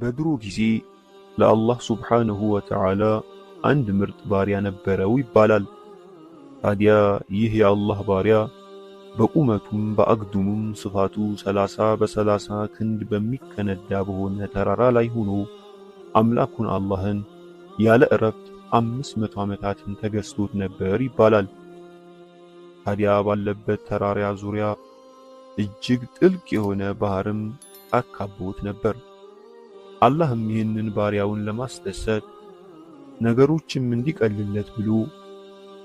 በድሮ ጊዜ ለአላህ ሱብሓነሁ ወተዓላ አንድ ምርጥ ባሪያ ነበረው ይባላል። ታዲያ ይህ የአላህ ባሪያ በቁመቱም በአግድሙም ስፋቱ ሰላሳ በሰላሳ ክንድ በሚከነዳ በሆነ ተራራ ላይ ሆኖ አምላኩን አላህን ያለ እረፍት አምስት መቶ ዓመታትን ተገዝቶት ነበር ይባላል። ታዲያ ባለበት ተራራ ዙሪያ እጅግ ጥልቅ የሆነ ባህርም አካቦት ነበር። አላህም ይህንን ባሪያውን ለማስደሰት ነገሮችም እንዲቀልለት ብሎ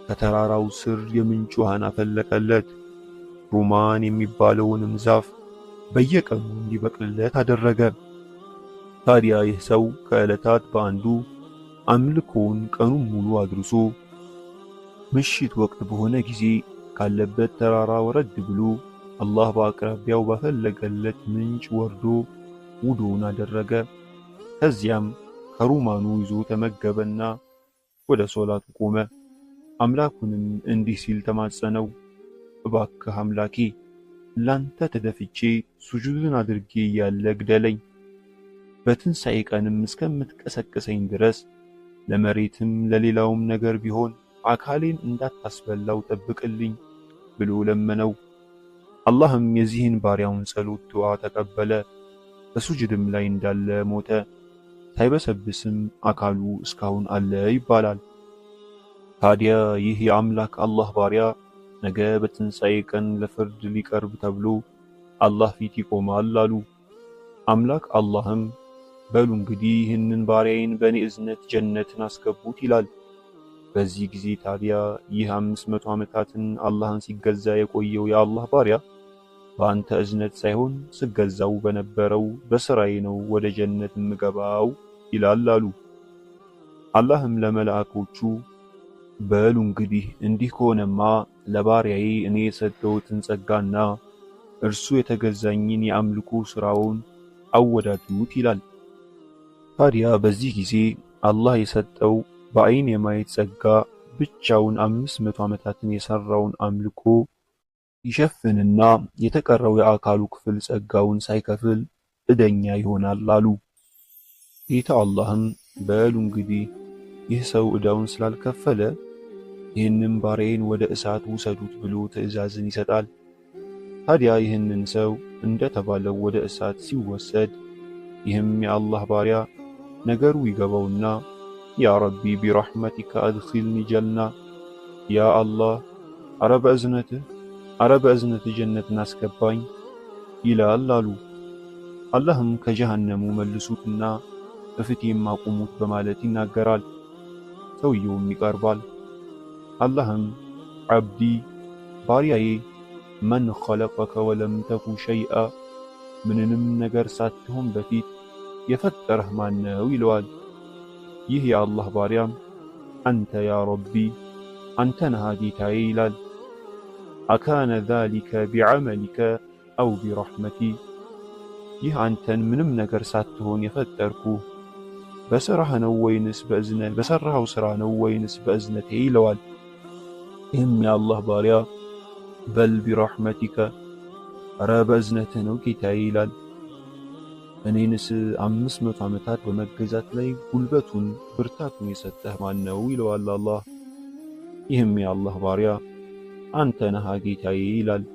ከተራራው ስር የምንጭ ውሃን አፈለቀለት። ሩማን የሚባለውንም ዛፍ በየቀኑ እንዲበቅልለት አደረገ። ታዲያ ይህ ሰው ከዕለታት በአንዱ አምልኮውን ቀኑን ሙሉ አድርሶ ምሽት ወቅት በሆነ ጊዜ ካለበት ተራራ ወረድ ብሎ አላህ በአቅራቢያው በፈለገለት ምንጭ ወርዶ ውዱን አደረገ። ከዚያም ከሩማኑ ይዞ ተመገበና ወደ ሶላቱ ቆመ። አምላኩንም እንዲህ ሲል ተማጸነው፣ እባክህ አምላኬ ላንተ ተደፍቼ ሱጁድን አድርጌ እያለ ግደለኝ፣ በትንሣኤ ቀንም እስከምትቀሰቅሰኝ ድረስ ለመሬትም ለሌላውም ነገር ቢሆን አካሌን እንዳታስበላው ጠብቅልኝ ብሎ ለመነው። አላህም የዚህን ባሪያውን ጸሎት ዱዓ ተቀበለ። በሱጁድም ላይ እንዳለ ሞተ። ሳይበሰብስም አካሉ እስካሁን አለ ይባላል። ታዲያ ይህ የአምላክ አላህ ባሪያ ነገ በትንሣኤ ቀን ለፍርድ ሊቀርብ ተብሎ አላህ ፊት ይቆማል አሉ። አምላክ አላህም በሉ እንግዲህ ይህንን ባሪያዬን በእኔ እዝነት ጀነትን አስገቡት ይላል። በዚህ ጊዜ ታዲያ ይህ አምስት መቶ ዓመታትን አላህን ሲገዛ የቆየው የአላህ ባሪያ በአንተ እዝነት ሳይሆን ስገዛው በነበረው በስራዬ ነው ወደ ጀነት የምገባው ይላል አሉ። አላህም ለመላእኮቹ በሉ እንግዲህ እንዲህ ከሆነማ ለባሪያዬ እኔ የሰጠሁትን ጸጋና እርሱ የተገዛኝን የአምልኮ ሥራውን አወዳድሩት ይላል። ታዲያ በዚህ ጊዜ አላህ የሰጠው በአይን የማየት ጸጋ ብቻውን አምስት መቶ ዓመታትን የሰራውን አምልኮ ይሸፍንና የተቀረው የአካሉ ክፍል ጸጋውን ሳይከፍል እደኛ ይሆናል አሉ። ጌታ አላህም በሉ እንግዲህ ይህ ሰው ዕዳውን ስላልከፈለ ይህንም ባሬን ወደ እሳት ውሰዱት ብሎ ትእዛዝን ይሰጣል። ታዲያ ይህንን ሰው እንደተባለው ወደ እሳት ሲወሰድ ይህም የአላህ ባሪያ ነገሩ ይገባውና ያ ረቢ ቢራሕመቲከ አድኺልኒ ጀና፣ ያ አላህ አረ በእዝነትህ አረ በእዝነትህ ጀነትን አስገባኝ ይላል አሉ። አላህም ከጀሃነሙ መልሱትና በፍትህ የማቆሙት በማለት ይናገራል። ሰውየውም ይቀርባል። አላህም ዓብዲ ባሪያዬ መን ኸለቀከ ወለም ተኩ ሸይአ ምንንም ነገር ሳትሆን በፊት የፈጠረህ ማነው ይለዋል። ይህ የአላህ ባሪያም አንተ ያ ረቢ አንተ ነህ ጌታዬ ይላል። አካነ ዛሊከ ቢዐመሊከ አው ቢረሕመቲ ይህ አንተን ምንም ነገር ሳትሆን የፈጠርኩህ በስራህ ነው ወይንስ በእዝነት በሰራኸው ስራ ነው ወይንስ በእዝነቴ ይለዋል። ይህም የአላህ ባሪያ በል ቢረሕመቲከ ኧረ በእዝነትህ ነው ጌታዬ ይላል። እኔንስ አምስት መቶ ዓመታት በመገዛት ላይ ጉልበቱን ብርታቱን የሰጠህ ማን ነው ይለዋል አላህ። ይህም የአላህ ባሪያ አንተ ነሃ ጌታዬ ይላል።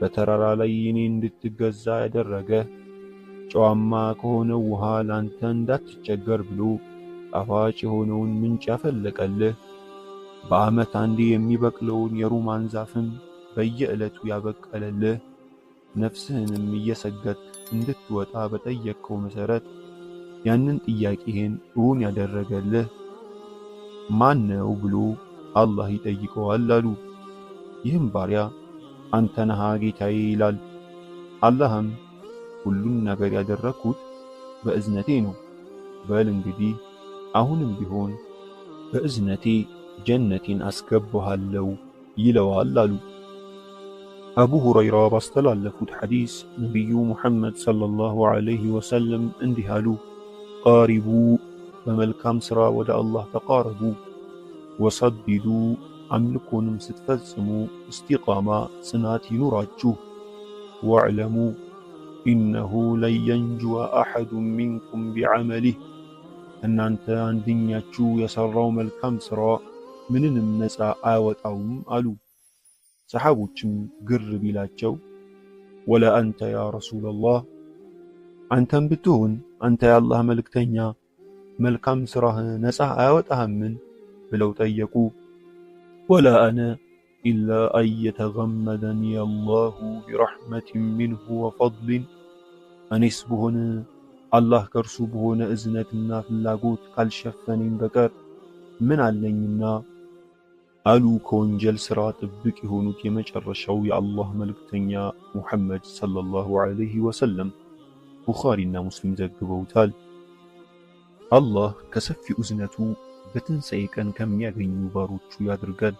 በተራራ ላይ እኔ እንድትገዛ ያደረገ ጨዋማ ከሆነው ውሃ ላንተ እንዳትቸገር ብሎ ጣፋጭ የሆነውን ምንጭ ያፈለቀልህ በዓመት አንዴ የሚበቅለውን የሩማን ዛፍም በየዕለቱ ያበቀለልህ ነፍስህንም እየሰገት እንድትወጣ በጠየቅከው መሠረት ያንን ጥያቄህን እውን ያደረገልህ ማን ነው ብሎ አላህ ይጠይቀዋል አሉ። ይህም ባሪያ አንተ ነሃ ጌታዬ ይላል። አላህም ሁሉን ነገር ያደረግኩት በእዝነቴ ነው። በል እንግዲህ አሁንም ቢሆን በእዝነቴ ጀነቴን አስገባሃለው ይለዋል አሉ። አቡ ሁረይራ ባስተላለፉት ሐዲስ ነቢዩ ሙሐመድ ሰለላሁ ዐለይሂ ወሰለም እንዲህ አሉ፣ ቃሪቡ በመልካም ሥራ ወደ አላህ ተቃረቡ፣ ወሰድዱ አምልኮንም ስትፈጽሙ እስቲቃማ ጽናት ይኑራችሁ፣ ወዕለሙ إنه لن ينجو أحد منكم بعمله أن أنت أن دنيا تشو يسر روم الكمسرا من النساء آوت أو مألو سحابو تشم قر بلا تشو ولا أنت يا رسول الله أنت بتون أنت يا الله ملك تنيا ملك أمسرا نسع آوت أهم بلو تيكو ولا أنا إلا أن يتغمدني الله برحمة منه وفضل እኔስ ብሆን አላህ ከእርሱ በሆነ እዝነትና ፍላጎት ካልሸፈነኝ በቀር ምን አለኝና አሉ ከወንጀል ሥራ ጥብቅ የሆኑት የመጨረሻው የአላህ መልእክተኛ ሙሐመድ ሰለላሁ ዐለይሂ ወሰለም። ቡኻሪና ሙስሊም ዘግበውታል። አላህ ከሰፊው እዝነቱ በትንሣኤ ቀን ከሚያገኙ ባሮቹ ያድርጋል።